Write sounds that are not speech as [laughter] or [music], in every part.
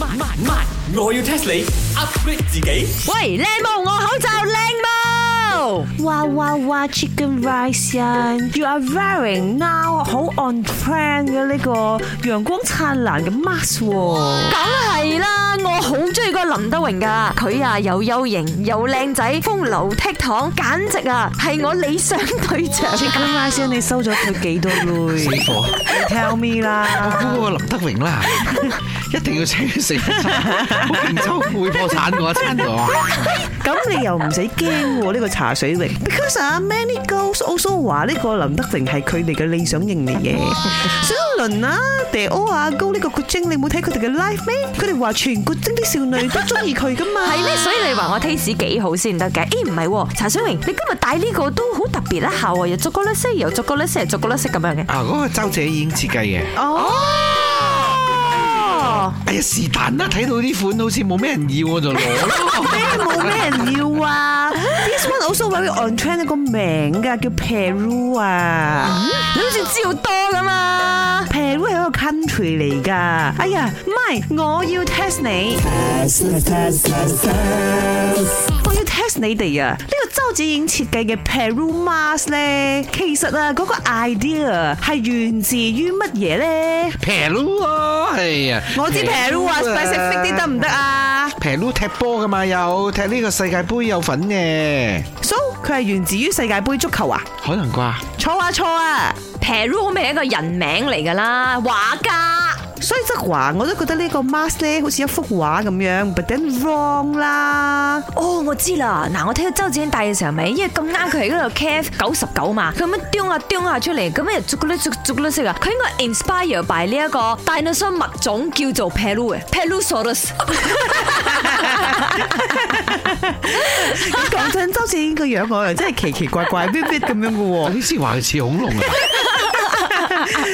My My My，我要 test 你 upgrade 自己。喂，靚冇，我口罩靚冇。哇哇哇，Chicken Rice，You arevery now 好 on trend 嘅呢個陽光燦爛嘅 mask。梗係啦，我好中意嗰個林德榮噶，佢啊又優型又靚仔，風流倜儻，簡直啊係我理想對象。Chicken Rice，你收咗佢幾多淚？你 Tell me 啦。我估個林德榮啦。一定要請成周會破產喎，請我。咁 [laughs] 你又唔使驚喎，呢、呢個茶水榮。Because 阿 Manny 哥 also 話呢個林德成係佢哋嘅理想型嚟嘅，小倫 [laughs] 啊，迪歐阿高呢個郭晶，你冇睇佢哋嘅 life 咩？佢哋話全郭精啲少女都中意佢噶嘛，係咩？所以你話我 taste 幾好先得嘅？咦，唔係喎，茶水榮，你今日戴呢個都好特別一下喎，又逐個甩色，又逐個甩色，逐個甩色咁樣嘅。有有 [laughs] 啊，嗰、嗰個周姐已經設計嘅。哦。Oh? 哎呀是但啦，睇到啲款好似冇咩人要，我就攞。咩冇咩人要啊？this one also，very on train 個名㗎，叫 Peru 啊，嗯、你好似知好多㗎嘛？佢嚟噶，哎呀，唔係，我要 test 你，我要 test 你哋啊！呢、這個趙潔瑩設計嘅 Peru Mask 咧，其實啊，嗰、那個 idea 係源自於乜嘢咧？Peru 啊，係啊，我知 Peru 啊，快食 fit 啲得唔得啊，啊，啊？Peru 踢波噶嘛，有踢呢個世界杯有份嘅，so 佢係源自於世界杯足球啊？可能啩？錯啊錯啊！Peru 咪係一個人名嚟噶啦，畫家。所以則話我都覺得呢個 mask 好似一幅畫咁樣，but then wrong 啦。哦，我知啦。嗱，我睇到周子英戴嘅時候，咪因為咁啱佢喺嗰度，K F 九十九嘛，佢咁樣丟下丟下出嚟，咁樣又逐骨碌、逐逐。佢應該 inspire by 呢一個 dinosaur 物種叫做 Peru，Perusaurus。講出 [laughs] [laughs] 真，周子英個樣我真係奇奇怪怪、b b 咁樣噶。你先話佢似恐龍啊？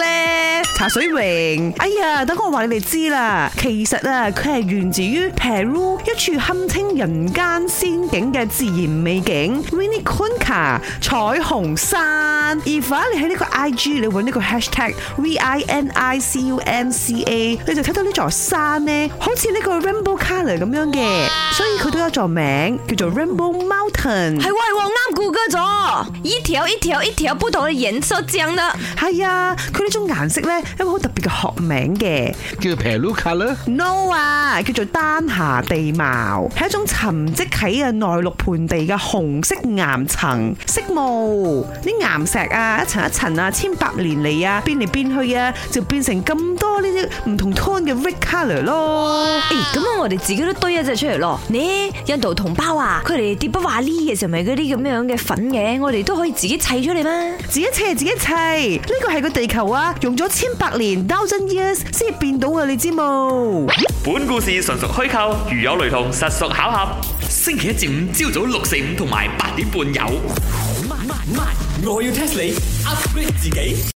咧茶水榮，哎呀，等我話你哋知啦。其實啊，佢係源自於 Peru 一處堪稱人間仙境嘅自然美景，Vinicunca 彩虹山。而反你喺呢個 IG，你揾呢、這個 hashtag V I N I C U M C A，你就睇到呢座山咧，好似呢個 Rainbow color 咁樣嘅，Wow 所以佢都有一座名叫做 Rainbow Mountain。係我係我啱 Google 咗，一條一條一條不同嘅顏色這樣的，醬啦、哎。係啊。呢種顏色咧，有一個好特別嘅學名嘅，叫做 Peru Color。No 啊，叫做丹霞地貌，係一種沉積喺嘅內陸盆地嘅紅色岩層色霧，啲岩石啊，一層一層啊，千百年嚟啊，變嚟變去啊，就變成咁多呢啲唔同 tone 嘅 red color 咯。誒，咁啊，我哋自己都堆一隻出嚟咯。你印度同胞啊，佢哋跌不畫呢嘢，就咪嗰啲咁樣嘅粉嘅，我哋都可以自己砌出嚟啦。自己砌自己砌，呢個係個地球用咗千百年，thousand years 先至變到嘅，你知冇？本故事純屬虛構，如有雷同，實屬巧合。星期一至五朝早六四五同埋八點半有。Oh, my, my, my. 我要 test 你，upgrade 自己。